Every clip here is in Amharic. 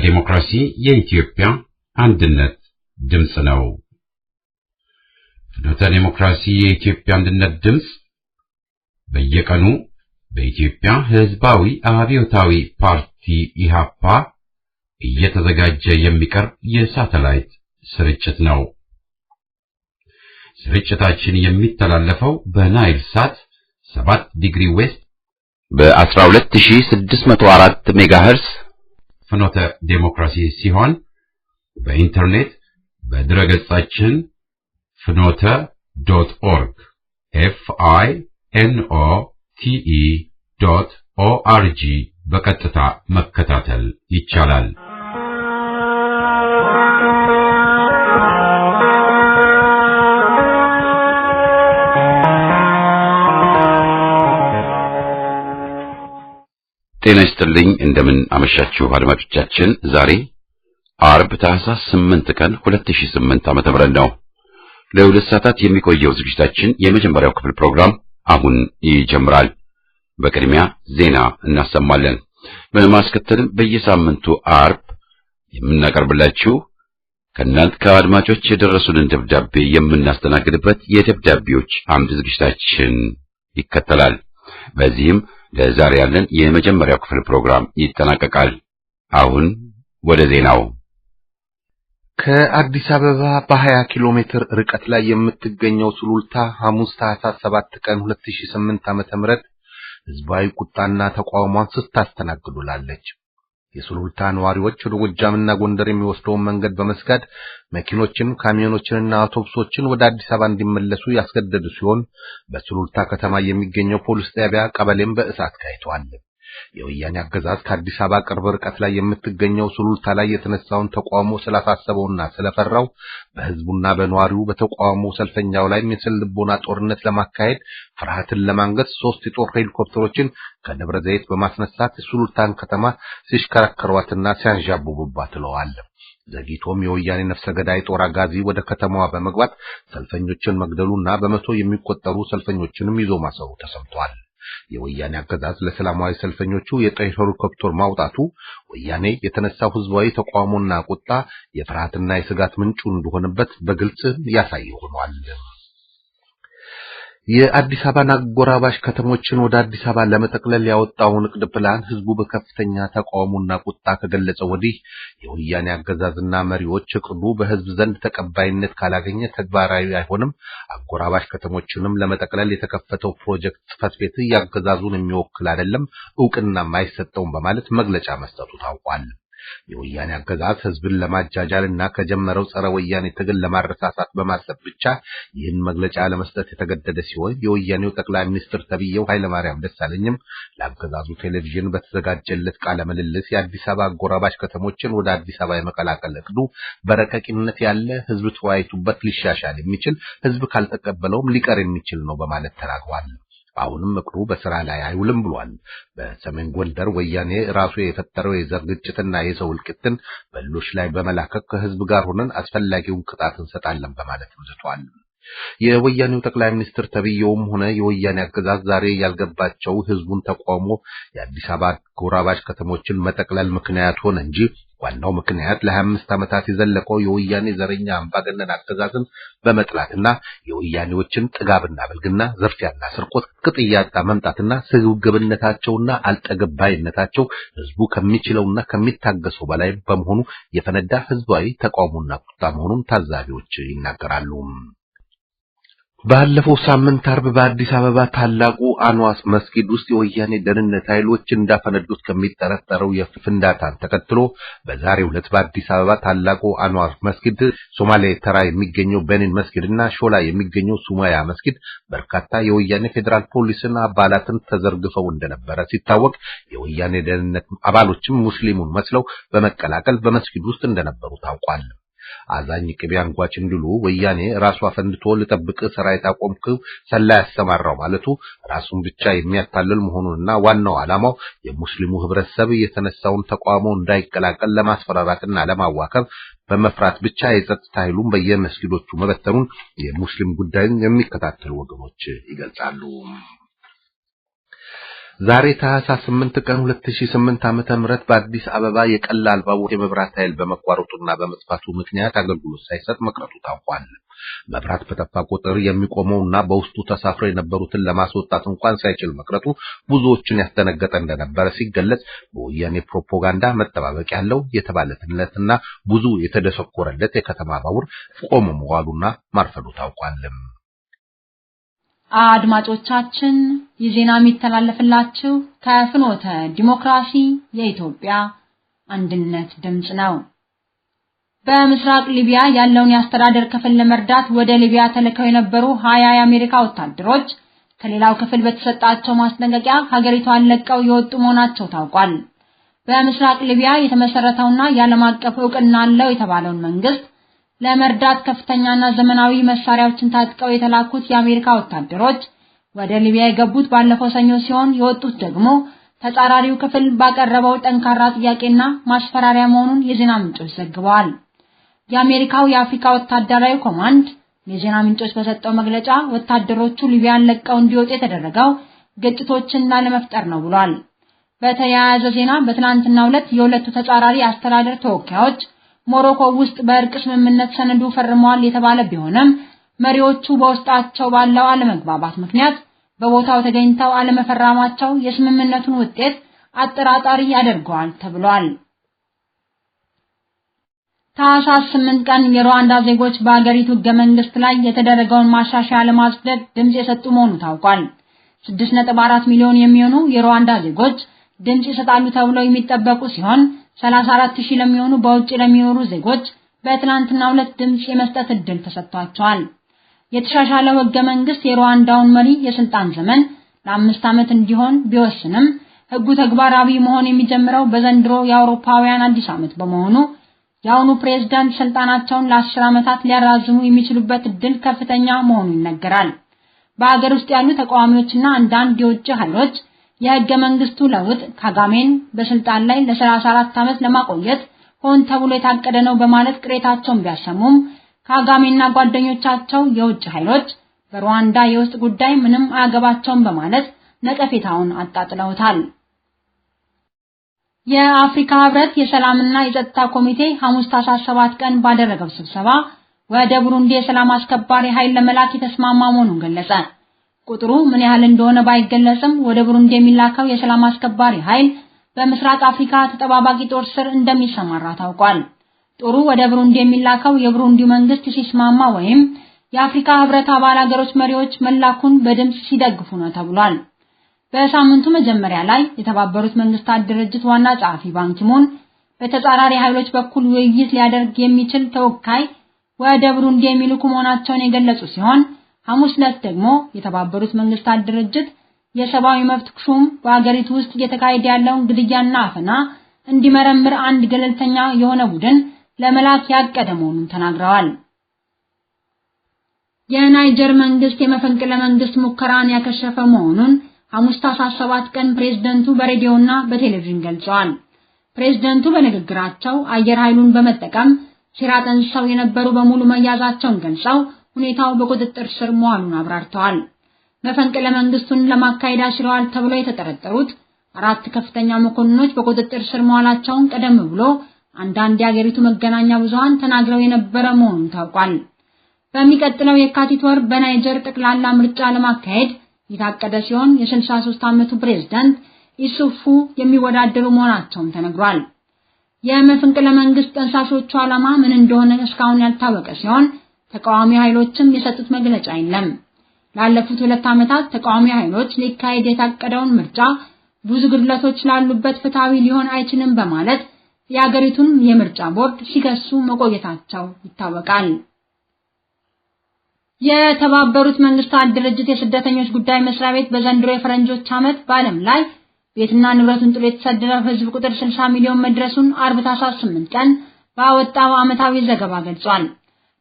ለዲሞክራሲ የኢትዮጵያ አንድነት ድምፅ ነው። ፍኖተ ዲሞክራሲ የኢትዮጵያ አንድነት ድምፅ በየቀኑ በኢትዮጵያ ሕዝባዊ አብዮታዊ ፓርቲ ኢሃፓ እየተዘጋጀ የሚቀርብ የሳተላይት ስርጭት ነው። ስርጭታችን የሚተላለፈው በናይል ሳት 7 ዲግሪ ዌስት በ12604 ሜጋሄርስ ፍኖተ ዴሞክራሲ ሲሆን በኢንተርኔት በድረገጻችን ፍኖተ ዶት ኦርግ ኤፍ አይ ኤን ኦ ቲ ኢ ዶት ኦ አር ጂ በቀጥታ መከታተል ይቻላል። ጤና ይስጥልኝ እንደምን አመሻችሁ አድማጮቻችን። ዛሬ አርብ ታህሳስ 8 ቀን 2008 ዓ.ም ነው። ለሁለት ሰዓታት የሚቆየው ዝግጅታችን የመጀመሪያው ክፍል ፕሮግራም አሁን ይጀምራል። በቅድሚያ ዜና እናሰማለን። በማስከተልም በየሳምንቱ አርብ የምናቀርብላችሁ ከእናንት ከአድማጮች የደረሱንን ደብዳቤ የምናስተናግድበት የደብዳቤዎች አምድ ዝግጅታችን ይከተላል። በዚህም ለዛሬ ያለን የመጀመሪያው ክፍል ፕሮግራም ይጠናቀቃል። አሁን ወደ ዜናው። ከአዲስ አበባ በ20 ኪሎ ሜትር ርቀት ላይ የምትገኘው ሱሉልታ ሐሙስ ታህሳስ 7 ቀን 2008 ዓም ህዝባዊ ቁጣና ተቃውሟን ስታስተናግዱላለች። የሱሉልታ ነዋሪዎች ወደ ጎጃምና ጎንደር የሚወስደውን መንገድ በመስጋት መኪኖችን ካሚዮኖችንና አውቶቡሶችን ወደ አዲስ አበባ እንዲመለሱ ያስገደዱ ሲሆን በሱሉልታ ከተማ የሚገኘው ፖሊስ ጣቢያ ቀበሌም በእሳት ካይቷል። የወያኔ አገዛዝ ከአዲስ አበባ ቅርብ ርቀት ላይ የምትገኘው ሱሉልታ ላይ የተነሳውን ተቃውሞ ስላሳሰበውና ስለፈራው በህዝቡና በነዋሪው በተቃውሞ ሰልፈኛው ላይ የስነ ልቦና ጦርነት ለማካሄድ ፍርሃትን ለማንገስ ሶስት የጦር ሄሊኮፕተሮችን ከደብረ ዘይት በማስነሳት የሱሉልታን ከተማ ሲሽከረከሯትና ሲያንዣብቡባት ውለዋል። ዘግይቶም የወያኔ ነፍሰ ገዳይ ጦር አጋዚ ወደ ከተማዋ በመግባት ሰልፈኞችን መግደሉና በመቶ የሚቆጠሩ ሰልፈኞችንም ይዞ ማሰሩ ተሰምቷል። የወያኔ አገዛዝ ለሰላማዊ ሰልፈኞቹ የጦር ሄሊኮፕተር ማውጣቱ ወያኔ የተነሳው ህዝባዊ ተቃውሞና ቁጣ የፍርሃትና የስጋት ምንጩ እንደሆነበት በግልጽ ያሳይ ሆኗል። የአዲስ አበባን አጎራባሽ ከተሞችን ወደ አዲስ አበባ ለመጠቅለል ያወጣውን እቅድ ፕላን ህዝቡ በከፍተኛ ተቃውሞና ቁጣ ከገለጸ ወዲህ የወያኔ አገዛዝና መሪዎች እቅዱ በህዝብ ዘንድ ተቀባይነት ካላገኘ ተግባራዊ አይሆንም፣ አጎራባሽ ከተሞችንም ለመጠቅለል የተከፈተው ፕሮጀክት ጽፈት ቤት ያገዛዙን የሚወክል አይደለም፣ እውቅና አይሰጠውም በማለት መግለጫ መስጠቱ ታውቋል። የወያኔ አገዛዝ ህዝብን ለማጃጃል እና ከጀመረው ጸረ ወያኔ ትግል ለማረሳሳት በማሰብ ብቻ ይህን መግለጫ ለመስጠት የተገደደ ሲሆን የወያኔው ጠቅላይ ሚኒስትር ተብዬው ኃይለማርያም ደሳለኝም ለአገዛዙ ቴሌቪዥን በተዘጋጀለት ቃለ ምልልስ የአዲስ አበባ አጎራባች ከተሞችን ወደ አዲስ አበባ የመቀላቀል እቅዱ በረቀቂነት ያለ ህዝብ ተወያይቱበት ሊሻሻል የሚችል ህዝብ ካልተቀበለውም ሊቀር የሚችል ነው በማለት ተናግሯል። አሁንም ምክሩ በስራ ላይ አይውልም ብሏል። በሰሜን ጎንደር ወያኔ ራሱ የፈጠረው የዘር ግጭትና የሰው እልቂትን በሌሎች ላይ በመላከክ ከህዝብ ጋር ሆነን አስፈላጊውን ቅጣት እንሰጣለን በማለትም ዝቷል። የወያኔው ጠቅላይ ሚኒስትር ተብዬውም ሆነ የወያኔ አገዛዝ ዛሬ ያልገባቸው ህዝቡን ተቃውሞ የአዲስ አበባ ጎራባች ከተሞችን መጠቅለል ምክንያት ሆነ እንጂ ዋናው ምክንያት ለአምስት ዓመታት የዘለቀው የወያኔ ዘረኛ አምባገነን አገዛዝን በመጥላትና የወያኔዎችን ጥጋብና ብልግና፣ ዝርፊያና ስርቆት፣ ቅጥያጣ መምጣትና ስግብግብነታቸውና አልጠገባይነታቸው ህዝቡ ከሚችለውና ከሚታገሰው በላይ በመሆኑ የፈነዳ ህዝባዊ ተቃውሞና ቁጣ መሆኑን ታዛቢዎች ይናገራሉ። ባለፈው ሳምንት አርብ በአዲስ አበባ ታላቁ አንዋስ መስጊድ ውስጥ የወያኔ ደህንነት ኃይሎች እንዳፈነዱት ከሚጠረጠረው የፍንዳታን ተከትሎ በዛሬው ዕለት በአዲስ አበባ ታላቁ አንዋስ መስጊድ፣ ሶማሌ ተራ የሚገኘው በኒን መስጊድ እና ሾላ የሚገኘው ሱማያ መስጊድ በርካታ የወያኔ ፌዴራል ፖሊስና አባላትን ተዘርግፈው እንደነበረ ሲታወቅ የወያኔ ደህንነት አባሎችም ሙስሊሙን መስለው በመቀላቀል በመስጊድ ውስጥ እንደነበሩ ታውቋል። አዛኝ ቅቤ አንጓች እንዲሉ ወያኔ ራሱ አፈንድቶ ልጠብቅ ሰራዊት አቆምክው ሰላ ያሰማራው ማለቱ ራሱን ብቻ የሚያታልል መሆኑንና ዋናው ዓላማው የሙስሊሙ ህብረተሰብ የተነሳውን ተቃውሞ እንዳይቀላቀል ለማስፈራራትና ለማዋከብ በመፍራት ብቻ የጸጥታ ኃይሉን በየመስጊዶቹ መበተኑን የሙስሊም ጉዳይን የሚከታተሉ ወገኖች ይገልጻሉ። ዛሬ ታህሳስ 8 ቀን 2008 ዓመተ ምህረት በአዲስ አበባ የቀላል ባቡር የመብራት ኃይል በመቋረጡና በመጥፋቱ ምክንያት አገልግሎት ሳይሰጥ መቅረቱ ታውቋል። መብራት በጠፋ ቁጥር የሚቆመውና በውስጡ ተሳፍረው የነበሩትን ለማስወጣት እንኳን ሳይችል መቅረቱ ብዙዎችን ያስደነገጠ እንደነበረ ሲገለጽ፣ በወያኔ ፕሮፓጋንዳ መጠባበቅ ያለው የተባለትለትና ብዙ የተደሰኮረለት የከተማ ባቡር ቆሞ መዋሉና ማርፈዱ ታውቋል። አድማጮቻችን የዜና ዜና የሚተላለፍላችሁ ከፍኖተ ዲሞክራሲ የኢትዮጵያ አንድነት ድምጽ ነው። በምስራቅ ሊቢያ ያለውን የአስተዳደር ክፍል ለመርዳት ወደ ሊቢያ ተልከው የነበሩ ሀያ የአሜሪካ ወታደሮች ከሌላው ክፍል በተሰጣቸው ማስጠንቀቂያ ሀገሪቷን ለቀው የወጡ መሆናቸው ታውቋል። በምስራቅ ሊቢያ የተመሰረተውና የዓለም አቀፍ እውቅና አለው የተባለውን መንግስት ለመርዳት ከፍተኛና ዘመናዊ መሳሪያዎችን ታጥቀው የተላኩት የአሜሪካ ወታደሮች ወደ ሊቢያ የገቡት ባለፈው ሰኞ ሲሆን የወጡት ደግሞ ተጻራሪው ክፍል ባቀረበው ጠንካራ ጥያቄና ማስፈራሪያ መሆኑን የዜና ምንጮች ዘግበዋል። የአሜሪካው የአፍሪካ ወታደራዊ ኮማንድ የዜና ምንጮች በሰጠው መግለጫ ወታደሮቹ ሊቢያን ለቀው እንዲወጡ የተደረገው ግጭቶችን ለመፍጠር ነው ብሏል። በተያያዘ ዜና በትናንትናው ዕለት የሁለቱ ተጻራሪ አስተዳደር ተወካዮች ሞሮኮ ውስጥ በእርቅ ስምምነት ሰነዱ ፈርመዋል የተባለ ቢሆንም መሪዎቹ በውስጣቸው ባለው አለመግባባት ምክንያት በቦታው ተገኝተው አለመፈራማቸው የስምምነቱን ውጤት አጠራጣሪ ያደርገዋል ተብሏል። ታህሳስ 8 ቀን የሩዋንዳ ዜጎች በአገሪቱ ሕገ መንግስት ላይ የተደረገውን ማሻሻያ ለማጽደቅ ድምጽ የሰጡ መሆኑ ታውቋል። 6.4 ሚሊዮን የሚሆኑ የሩዋንዳ ዜጎች ድምጽ ይሰጣሉ ተብለው የሚጠበቁ ሲሆን 34000 ለሚሆኑ በውጭ ለሚኖሩ ዜጎች በትናንትና ሁለት ድምጽ የመስጠት እድል ተሰጥቷቸዋል። የተሻሻለው ህገ መንግስት የሩዋንዳውን መሪ የስልጣን ዘመን ለአምስት ዓመት እንዲሆን ቢወስንም ህጉ ተግባራዊ መሆን የሚጀምረው በዘንድሮ የአውሮፓውያን አዲስ ዓመት በመሆኑ የአሁኑ ፕሬዝዳንት ስልጣናቸውን ለአስር ዓመታት ሊያራዝሙ የሚችሉበት እድል ከፍተኛ መሆኑ ይነገራል። በሀገር ውስጥ ያሉ ተቃዋሚዎችና አንዳንድ የውጭ ኃይሎች የህገ መንግስቱ ለውጥ ካጋሜን በስልጣን ላይ ለ34 ዓመት ለማቆየት ሆን ተብሎ የታቀደ ነው በማለት ቅሬታቸውን ቢያሰሙም ካጋሜና ጓደኞቻቸው የውጭ ኃይሎች በሩዋንዳ የውስጥ ጉዳይ ምንም አያገባቸውም በማለት ነቀፌታውን አጣጥለውታል። የአፍሪካ ህብረት የሰላምና የጸጥታ ኮሚቴ ሐሙስ ታህሳስ 7 ቀን ባደረገው ስብሰባ ወደ ቡሩንዲ የሰላም አስከባሪ ኃይል ለመላክ የተስማማ መሆኑን ገለጸ። ቁጥሩ ምን ያህል እንደሆነ ባይገለጽም ወደ ብሩንዲ የሚላከው የሰላም አስከባሪ ኃይል በምስራቅ አፍሪካ ተጠባባቂ ጦር ስር እንደሚሰማራ ታውቋል። ጦሩ ወደ ብሩንዲ የሚላከው የብሩንዲ መንግስት ሲስማማ ወይም የአፍሪካ ህብረት አባል አገሮች መሪዎች መላኩን በድምፅ ሲደግፉ ነው ተብሏል። በሳምንቱ መጀመሪያ ላይ የተባበሩት መንግስታት ድርጅት ዋና ጸሐፊ ባንኪሙን በተጻራሪ ኃይሎች በኩል ውይይት ሊያደርግ የሚችል ተወካይ ወደ ብሩንዲ የሚልኩ መሆናቸውን የገለጹ ሲሆን ሐሙስ ዕለት ደግሞ የተባበሩት መንግስታት ድርጅት የሰብአዊ መብት ሹም በአገሪቱ ውስጥ እየተካሄደ ያለውን ግድያና አፈና እንዲመረምር አንድ ገለልተኛ የሆነ ቡድን ለመላክ ያቀደ መሆኑን ተናግረዋል። የናይጀር መንግስት የመፈንቅለ መንግስት ሙከራን ያከሸፈ መሆኑን ሐሙስ ታኅሳስ 7 ቀን ፕሬዝደንቱ በሬዲዮና በቴሌቪዥን ገልጸዋል። ፕሬዝደንቱ በንግግራቸው አየር ኃይሉን በመጠቀም ሲራጠን ሰው የነበሩ በሙሉ መያዛቸውን ገልጸው ሁኔታው በቁጥጥር ስር መዋሉን አብራርተዋል። መፈንቅለ መንግስቱን ለማካሄድ አሽረዋል ተብለው የተጠረጠሩት አራት ከፍተኛ መኮንኖች በቁጥጥር ስር መዋላቸውን ቀደም ብሎ አንዳንድ የአገሪቱ መገናኛ ብዙሃን ተናግረው የነበረ መሆኑን ታውቋል። በሚቀጥለው የካቲት ወር በናይጀር ጠቅላላ ምርጫ ለማካሄድ የታቀደ ሲሆን የ63 ዓመቱ ፕሬዝዳንት ኢሱፉ የሚወዳደሩ መሆናቸውም ተነግሯል። የመፈንቅለ መንግስት ጠንሳሾቹ ዓላማ ምን እንደሆነ እስካሁን ያልታወቀ ሲሆን ተቃዋሚ ኃይሎችም የሰጡት መግለጫ የለም። ላለፉት ሁለት ዓመታት ተቃዋሚ ኃይሎች ሊካሄድ የታቀደውን ምርጫ ብዙ ግድለቶች ላሉበት ፍትሃዊ ሊሆን አይችልም በማለት የአገሪቱን የምርጫ ቦርድ ሲከሱ መቆየታቸው ይታወቃል። የተባበሩት መንግስታት ድርጅት የስደተኞች ጉዳይ መስሪያ ቤት በዘንድሮ የፈረንጆች ዓመት በዓለም ላይ ቤትና ንብረቱን ጥሎ የተሰደደው ህዝብ ቁጥር 60 ሚሊዮን መድረሱን አርብ 8 ቀን ባወጣው ዓመታዊ ዘገባ ገልጿል።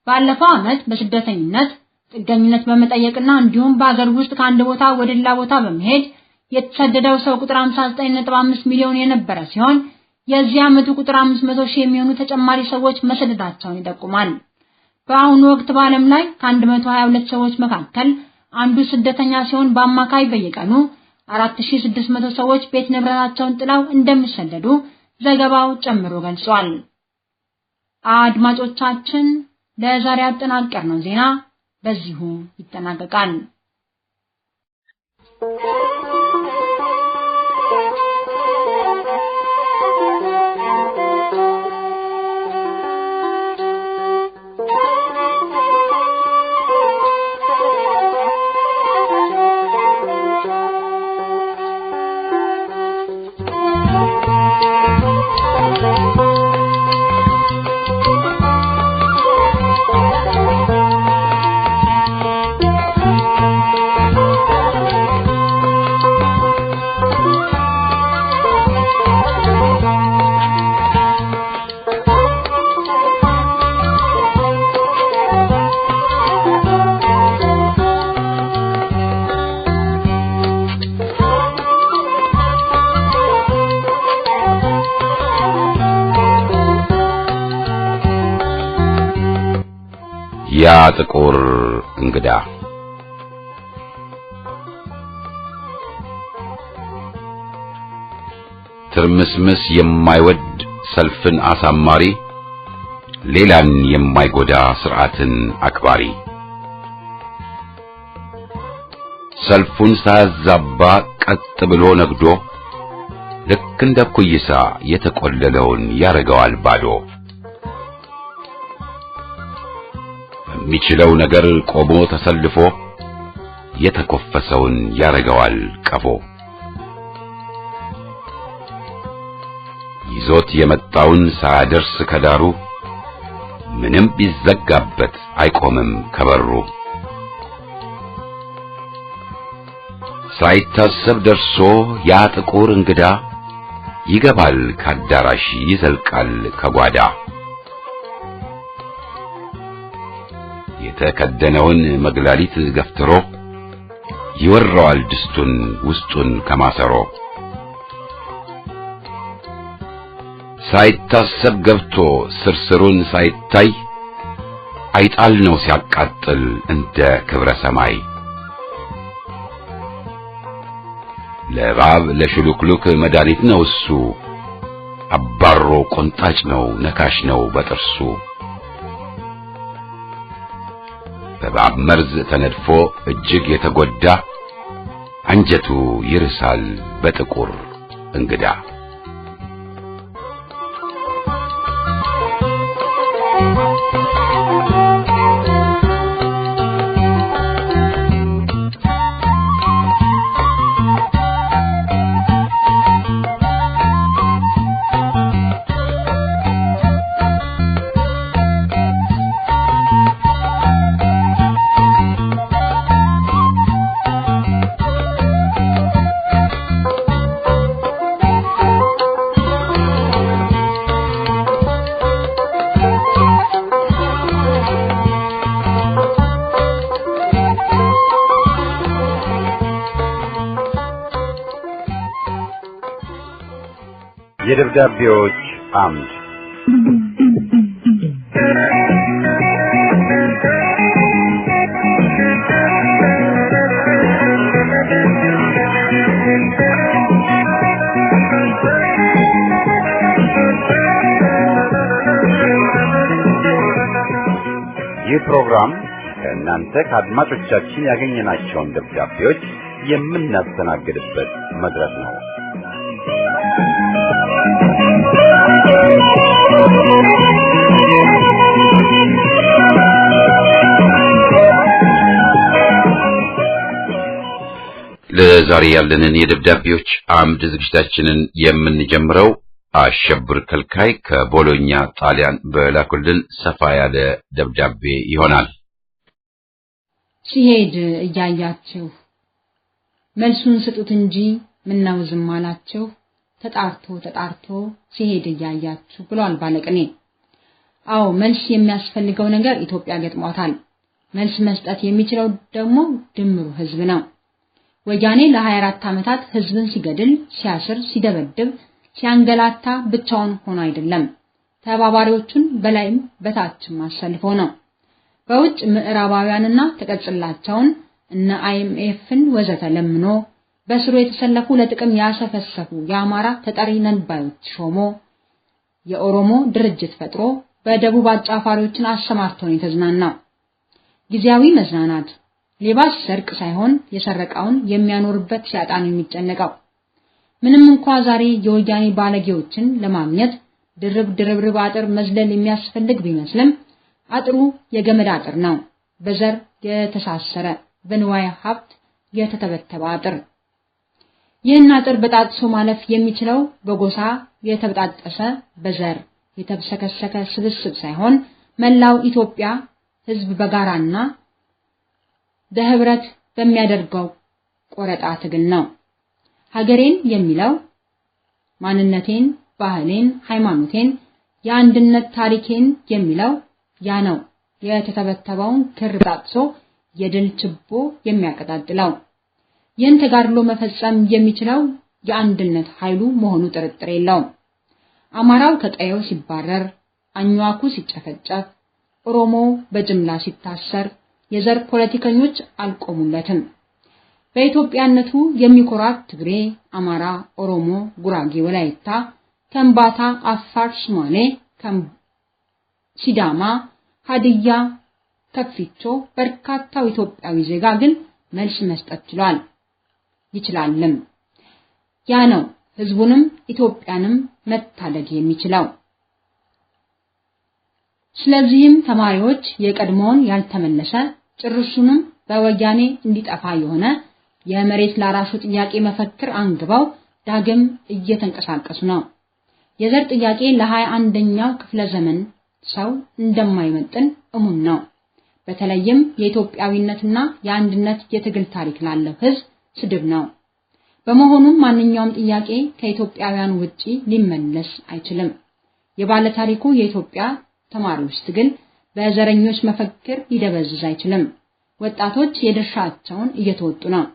ባለፈው ዓመት በስደተኝነት ጥገኝነት በመጠየቅና እንዲሁም በአገር ውስጥ ከአንድ ቦታ ወደ ሌላ ቦታ በመሄድ የተሰደደው ሰው ቁጥር 59.5 ሚሊዮን የነበረ ሲሆን የዚህ ዓመቱ ቁጥር 500 ሺህ የሚሆኑ ተጨማሪ ሰዎች መሰደዳቸውን ይጠቁማል። በአሁኑ ወቅት በዓለም ላይ ከ122 ሰዎች መካከል አንዱ ስደተኛ ሲሆን በአማካይ በየቀኑ 4600 ሰዎች ቤት ንብረታቸውን ጥለው እንደሚሰደዱ ዘገባው ጨምሮ ገልጿል። አድማጮቻችን ለዛሬ ነው ዜና በዚሁ ይጠናቀቃል። ጥቁር እንግዳ ትርምስምስ የማይወድ ሰልፍን አሳማሪ ሌላን የማይጎዳ ስርዓትን አክባሪ ሰልፉን ሳያዛባ ቀጥ ብሎ ነግዶ ልክ እንደ ኩይሳ የተቆለለውን ያረገዋል ባዶ። በሚችለው ነገር ቆሞ ተሰልፎ የተኮፈሰውን ያረገዋል ቀፎ ይዞት የመጣውን ሳያደርስ ከዳሩ ምንም ቢዘጋበት አይቆምም ከበሩ ሳይታሰብ ደርሶ ያ ጥቁር እንግዳ ይገባል ካዳራሽ ይዘልቃል ከጓዳ የተከደነውን መግላሊት ገፍትሮ ይወረዋል ድስቱን ውስጡን ከማሰሮ ሳይታሰብ ገብቶ ስርስሩን ሳይታይ አይጣል ነው ሲያቃጥል እንደ ክብረ ሰማይ ለባብ ለሽሉክሉክ መድኃኒት ነው እሱ አባሮ ቆንጣጭ ነው ነካሽ ነው በጥርሱ በእባብ መርዝ ተነድፎ እጅግ የተጎዳ አንጀቱ ይርሳል በጥቁር እንግዳ የደብዳቤዎች አምድ ይህ ፕሮግራም ከእናንተ ከአድማጮቻችን ያገኘናቸውን ደብዳቤዎች የምናስተናግድበት መድረክ ነው። ለዛሬ ያለንን የደብዳቤዎች አምድ ዝግጅታችንን የምንጀምረው አሸብር ከልካይ ከቦሎኛ ጣሊያን በላኩልን ሰፋ ያለ ደብዳቤ ይሆናል። ሲሄድ እያያችሁ መልሱን ስጡት እንጂ ምነው ዝም አላችሁ? ተጣርቶ ተጣርቶ ሲሄድ እያያችሁ ብሏል ባለቅኔ። አዎ መልስ የሚያስፈልገው ነገር ኢትዮጵያ ገጥሟታል። መልስ መስጠት የሚችለው ደግሞ ድምሩ ህዝብ ነው። ወያኔ ለ24 ዓመታት ህዝብን ሲገድል፣ ሲያስር፣ ሲደበድብ፣ ሲያንገላታ ብቻውን ሆኖ አይደለም ተባባሪዎቹን በላይም በታችም አሰልፎ ነው። በውጭ ምዕራባውያንና ተቀጽላቸውን እነ አይኤምኤፍን ወዘተ ለምኖ በስሩ የተሰለፉ ለጥቅም ያሰፈሰፉ የአማራ ተጠሪ ነን ባዮች ሾሞ የኦሮሞ ድርጅት ፈጥሮ በደቡብ አጫፋሪዎችን አሰማርቶ ነው የተዝናናው። ጊዜያዊ መዝናናት ሌባ ሲሰርቅ ሳይሆን የሰረቀውን የሚያኖርበት ሲያጣ የሚጨነቀው። ምንም እንኳ ዛሬ የወያኔ ባለጌዎችን ለማግኘት ድርብ ድርብርብ አጥር መዝለል የሚያስፈልግ ቢመስልም አጥሩ የገመድ አጥር ነው። በዘር የተሳሰረ በንዋይ ሀብት የተተበተበ አጥር ይህን አጥር በጣጥሶ ማለፍ የሚችለው በጎሳ የተበጣጠሰ በዘር የተብሰከሰከ ስብስብ ሳይሆን መላው ኢትዮጵያ ሕዝብ በጋራና በህብረት በሚያደርገው ቆረጣ ትግል ነው። ሀገሬን የሚለው ማንነቴን፣ ባህሌን፣ ሃይማኖቴን፣ የአንድነት ታሪኬን የሚለው ያ ነው የተተበተበውን ክር በጣጥሶ የድል ችቦ የሚያቀጣጥለው። ይህን ተጋድሎ መፈጸም የሚችለው የአንድነት ኃይሉ መሆኑ ጥርጥር የለውም። አማራው ከቀየው ሲባረር፣ አኝዋኩ ሲጨፈጨፍ፣ ኦሮሞ በጅምላ ሲታሰር የዘር ፖለቲከኞች አልቆሙለትም። በኢትዮጵያነቱ የሚኮራት ትግሬ፣ አማራ፣ ኦሮሞ፣ ጉራጌ፣ ወላይታ፣ ከምባታ፣ አፋር፣ ሶማሌ፣ ሲዳማ፣ ሀዲያ፣ ከፊቾ በርካታው ኢትዮጵያዊ ዜጋ ግን መልስ መስጠት ችሏል። ይችላልም። ያ ነው ህዝቡንም ኢትዮጵያንም መታደግ የሚችለው። ስለዚህም ተማሪዎች የቀድሞውን ያልተመለሰ ጭርሱንም በወያኔ እንዲጠፋ የሆነ የመሬት ላራሹ ጥያቄ መፈክር አንግበው ዳግም እየተንቀሳቀሱ ነው። የዘር ጥያቄ 21 አንደኛው ክፍለ ዘመን ሰው እንደማይመጥን እሙን ነው። በተለይም የኢትዮጵያዊነትና የአንድነት የትግል ታሪክ ላለው ህዝብ ስድብ ነው። በመሆኑም ማንኛውም ጥያቄ ከኢትዮጵያውያን ውጪ ሊመለስ አይችልም። የባለታሪኩ የኢትዮጵያ ተማሪዎች ትግል በዘረኞች መፈክር ሊደበዝዝ አይችልም። ወጣቶች የድርሻቸውን እየተወጡ ነው።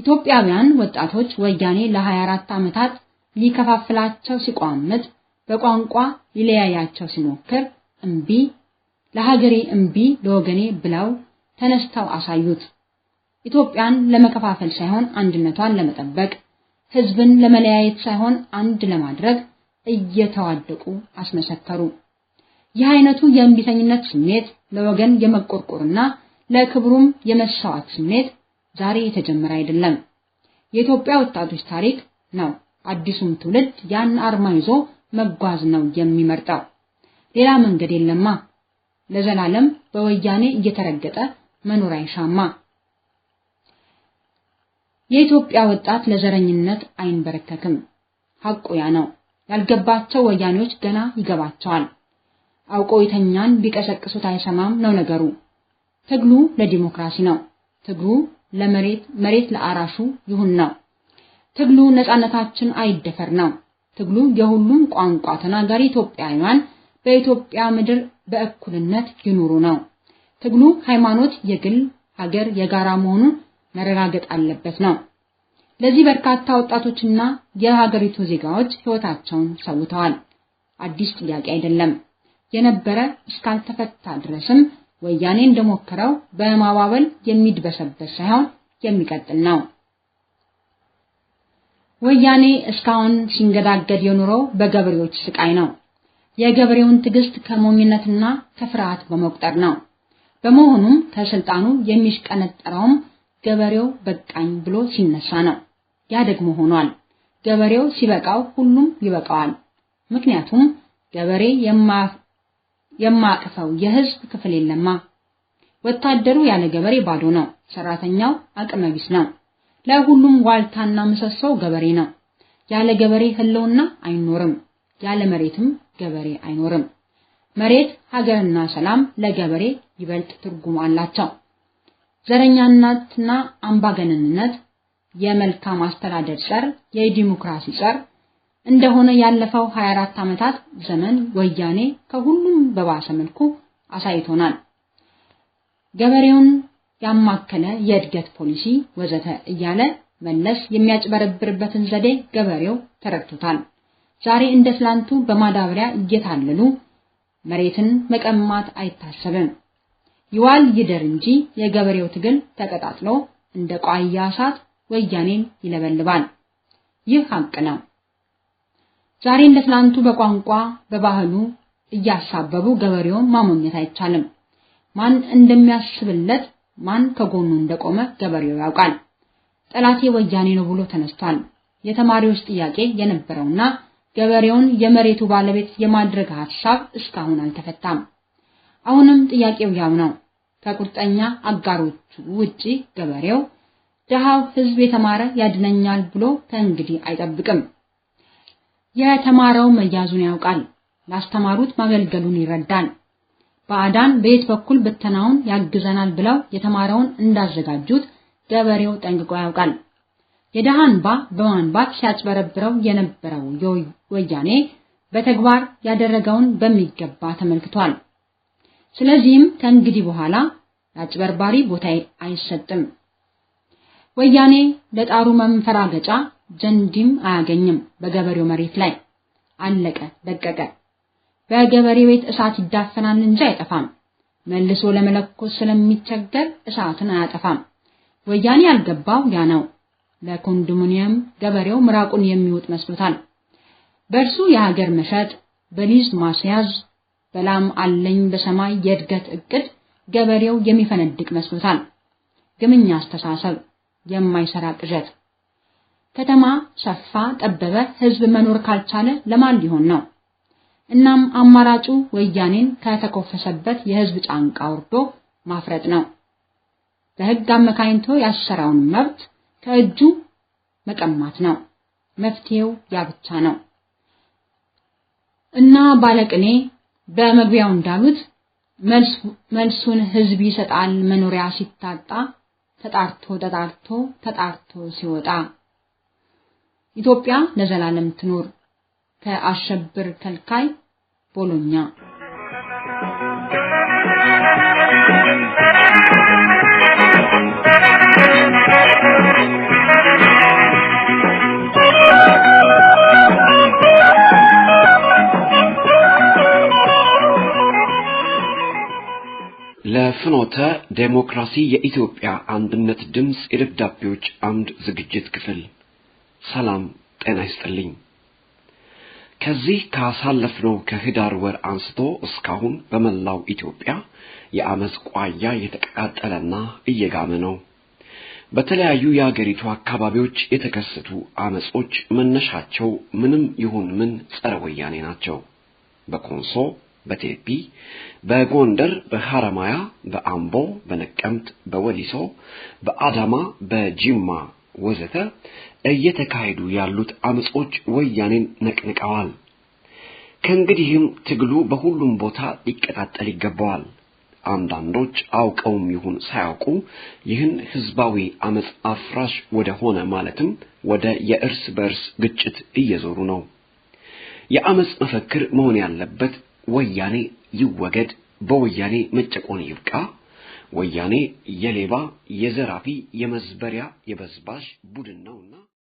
ኢትዮጵያውያን ወጣቶች ወያኔ ለ24 ዓመታት ሊከፋፍላቸው ሲቋምጥ፣ በቋንቋ ሊለያያቸው ሲሞክር እምቢ ለሀገሬ እምቢ ለወገኔ ብለው ተነስተው አሳዩት። ኢትዮጵያን ለመከፋፈል ሳይሆን አንድነቷን ለመጠበቅ፣ ህዝብን ለመለያየት ሳይሆን አንድ ለማድረግ እየተዋደቁ አስመሰከሩ። ይህ አይነቱ የእምቢተኝነት ስሜት ለወገን የመቆርቆርና ለክብሩም የመሰዋት ስሜት ዛሬ የተጀመረ አይደለም። የኢትዮጵያ ወጣቶች ታሪክ ነው። አዲሱም ትውልድ ያን አርማ ይዞ መጓዝ ነው የሚመርጠው። ሌላ መንገድ የለማ። ለዘላለም በወያኔ እየተረገጠ መኖር አይሻማ። የኢትዮጵያ ወጣት ለዘረኝነት አይንበረከክም። ሐቁ ያ ነው። ያልገባቸው ወያኔዎች ገና ይገባቸዋል። አውቆ የተኛን ቢቀሰቅሱት አይሰማም ነው ነገሩ። ትግሉ ለዲሞክራሲ ነው። ትግሉ ለመሬት መሬት ለአራሹ ይሁን ነው። ትግሉ ነፃነታችን አይደፈር ነው። ትግሉ የሁሉም ቋንቋ ተናጋሪ ኢትዮጵያውያን በኢትዮጵያ ምድር በእኩልነት ይኑሩ ነው። ትግሉ ሃይማኖት የግል ሀገር የጋራ መሆኑን መረጋገጥ አለበት ነው። ለዚህ በርካታ ወጣቶችና የሀገሪቱ ዜጋዎች ሕይወታቸውን ሰውተዋል። አዲስ ጥያቄ አይደለም። የነበረ እስካልተፈታ ድረስም ወያኔ እንደሞከረው በማባበል የሚድበሰበት ሳይሆን የሚቀጥል ነው። ወያኔ እስካሁን ሲንገዳገድ የኖረው በገበሬዎች ስቃይ ነው። የገበሬውን ትዕግስት ከሞኝነትና ከፍርሃት በመቁጠር ነው። በመሆኑም ከስልጣኑ የሚሽቀነጠረውም ገበሬው በቃኝ ብሎ ሲነሳ ነው። ያ ደግሞ ሆኗል። ገበሬው ሲበቃው ሁሉም ይበቃዋል። ምክንያቱም ገበሬ የማቅፈው የህዝብ ክፍል የለማ። ወታደሩ ያለ ገበሬ ባዶ ነው። ሰራተኛው አቅመ ቢስ ነው። ለሁሉም ዋልታና ምሰሶው ገበሬ ነው። ያለ ገበሬ ህልውና አይኖርም። ያለ መሬትም ገበሬ አይኖርም። መሬት፣ ሀገርና ሰላም ለገበሬ ይበልጥ ትርጉም አላቸው። ዘረኛነትና አምባገነንነት የመልካም አስተዳደር ጸር፣ የዲሞክራሲ ጸር እንደሆነ ያለፈው 24 ዓመታት ዘመን ወያኔ ከሁሉም በባሰ መልኩ አሳይቶናል። ገበሬውን ያማከለ የእድገት ፖሊሲ ወዘተ እያለ መለስ የሚያጭበረብርበትን ዘዴ ገበሬው ተረድቶታል። ዛሬ እንደ ትላንቱ በማዳበሪያ እየታለሉ መሬትን መቀማት አይታሰብም። ይዋል ይደር እንጂ የገበሬው ትግል ተቀጣጥሎ እንደ ቋያ እሳት ወያኔን ይለበልባል። ይህ ሀቅ ነው። ዛሬ እንደ ትናንቱ በቋንቋ በባህሉ እያሳበቡ ገበሬውን ማሞኘት አይቻልም። ማን እንደሚያስብለት ማን ከጎኑ እንደቆመ ገበሬው ያውቃል። ጠላቴ ወያኔ ነው ብሎ ተነስቷል። የተማሪዎች ጥያቄ የነበረውና ገበሬውን የመሬቱ ባለቤት የማድረግ ሀሳብ እስካሁን አልተፈታም። አሁንም ጥያቄው ያው ነው። ከቁርጠኛ አጋሮቹ ውጪ ገበሬው፣ ድሃው ህዝብ የተማረ ያድነኛል ብሎ ከእንግዲህ አይጠብቅም። የተማረው መያዙን ያውቃል። ላስተማሩት ማገልገሉን ይረዳል። በአዳን በየት በኩል ብተናውን ያግዘናል ብለው የተማረውን እንዳዘጋጁት ገበሬው ጠንቅቆ ያውቃል። የደሃን ባ በማንባት ሲያጭበረብረው የነበረው ወያኔ በተግባር ያደረገውን በሚገባ ተመልክቷል። ስለዚህም ከእንግዲህ በኋላ ለአጭበርባሪ ቦታ አይሰጥም። ወያኔ ለጣሩ መንፈራገጫ ጀንዲም አያገኝም። በገበሬው መሬት ላይ አለቀ ደቀቀ። በገበሬ ቤት እሳት ይዳፈናል እንጂ አይጠፋም። መልሶ ለመለኮስ ስለሚቸገር እሳትን አያጠፋም። ወያኔ ያልገባው ያ ነው። ለኮንዶሚኒየም ገበሬው ምራቁን የሚውጥ መስሎታል። በእርሱ የሀገር መሸጥ በሊዝ ማስያዝ በላም አለኝ በሰማይ የእድገት እቅድ ገበሬው የሚፈነድቅ መስሎታል። ግምኛ አስተሳሰብ፣ የማይሰራ ቅዠት። ከተማ ሰፋ ጠበበ፣ ህዝብ መኖር ካልቻለ ለማን ሊሆን ነው? እናም አማራጩ ወያኔን ከተኮፈሰበት የህዝብ ጫንቃ አውርዶ ማፍረጥ ነው። በህግ አመካኝቶ ያሰራውን መብት ከእጁ መቀማት ነው። መፍትሄው ያ ብቻ ነው እና ባለቅኔ በመግቢያው እንዳሉት መልሱን ህዝብ ይሰጣል መኖሪያ ሲታጣ ተጣርቶ ተጣርቶ ተጣርቶ ሲወጣ። ኢትዮጵያ ለዘላለም ትኖር ከአሸብር ከልካይ ቦሎኛ ለፍኖተ ዴሞክራሲ የኢትዮጵያ አንድነት ድምፅ የደብዳቤዎች አምድ ዝግጅት ክፍል ሰላም ጤና ይስጥልኝ። ከዚህ ካሳለፍነው ከህዳር ወር አንስቶ እስካሁን በመላው ኢትዮጵያ የአመፅ ቋያ እየተቀጣጠለና እየጋመ ነው። በተለያዩ የአገሪቱ አካባቢዎች የተከሰቱ አመጾች መነሻቸው ምንም ይሁን ምን ጸረ ወያኔ ናቸው። በኮንሶ በቴፒ በጎንደር በሐረማያ በአምቦ በነቀምት በወሊሶ በአዳማ በጂማ ወዘተ እየተካሄዱ ያሉት አመጾች ወያኔን ነቅንቀዋል። ከእንግዲህም ትግሉ በሁሉም ቦታ ሊቀጣጠል ይገባዋል። አንዳንዶች አውቀውም ይሁን ሳያውቁ ይህን ህዝባዊ አመጽ አፍራሽ ወደ ሆነ ማለትም ወደ የእርስ በእርስ ግጭት እየዞሩ ነው። የአመጽ መፈክር መሆን ያለበት ወያኔ ይወገድ፣ በወያኔ መጨቆን ይብቃ፣ ወያኔ የሌባ የዘራፊ የመዝበሪያ የበዝባሽ ቡድን ነውና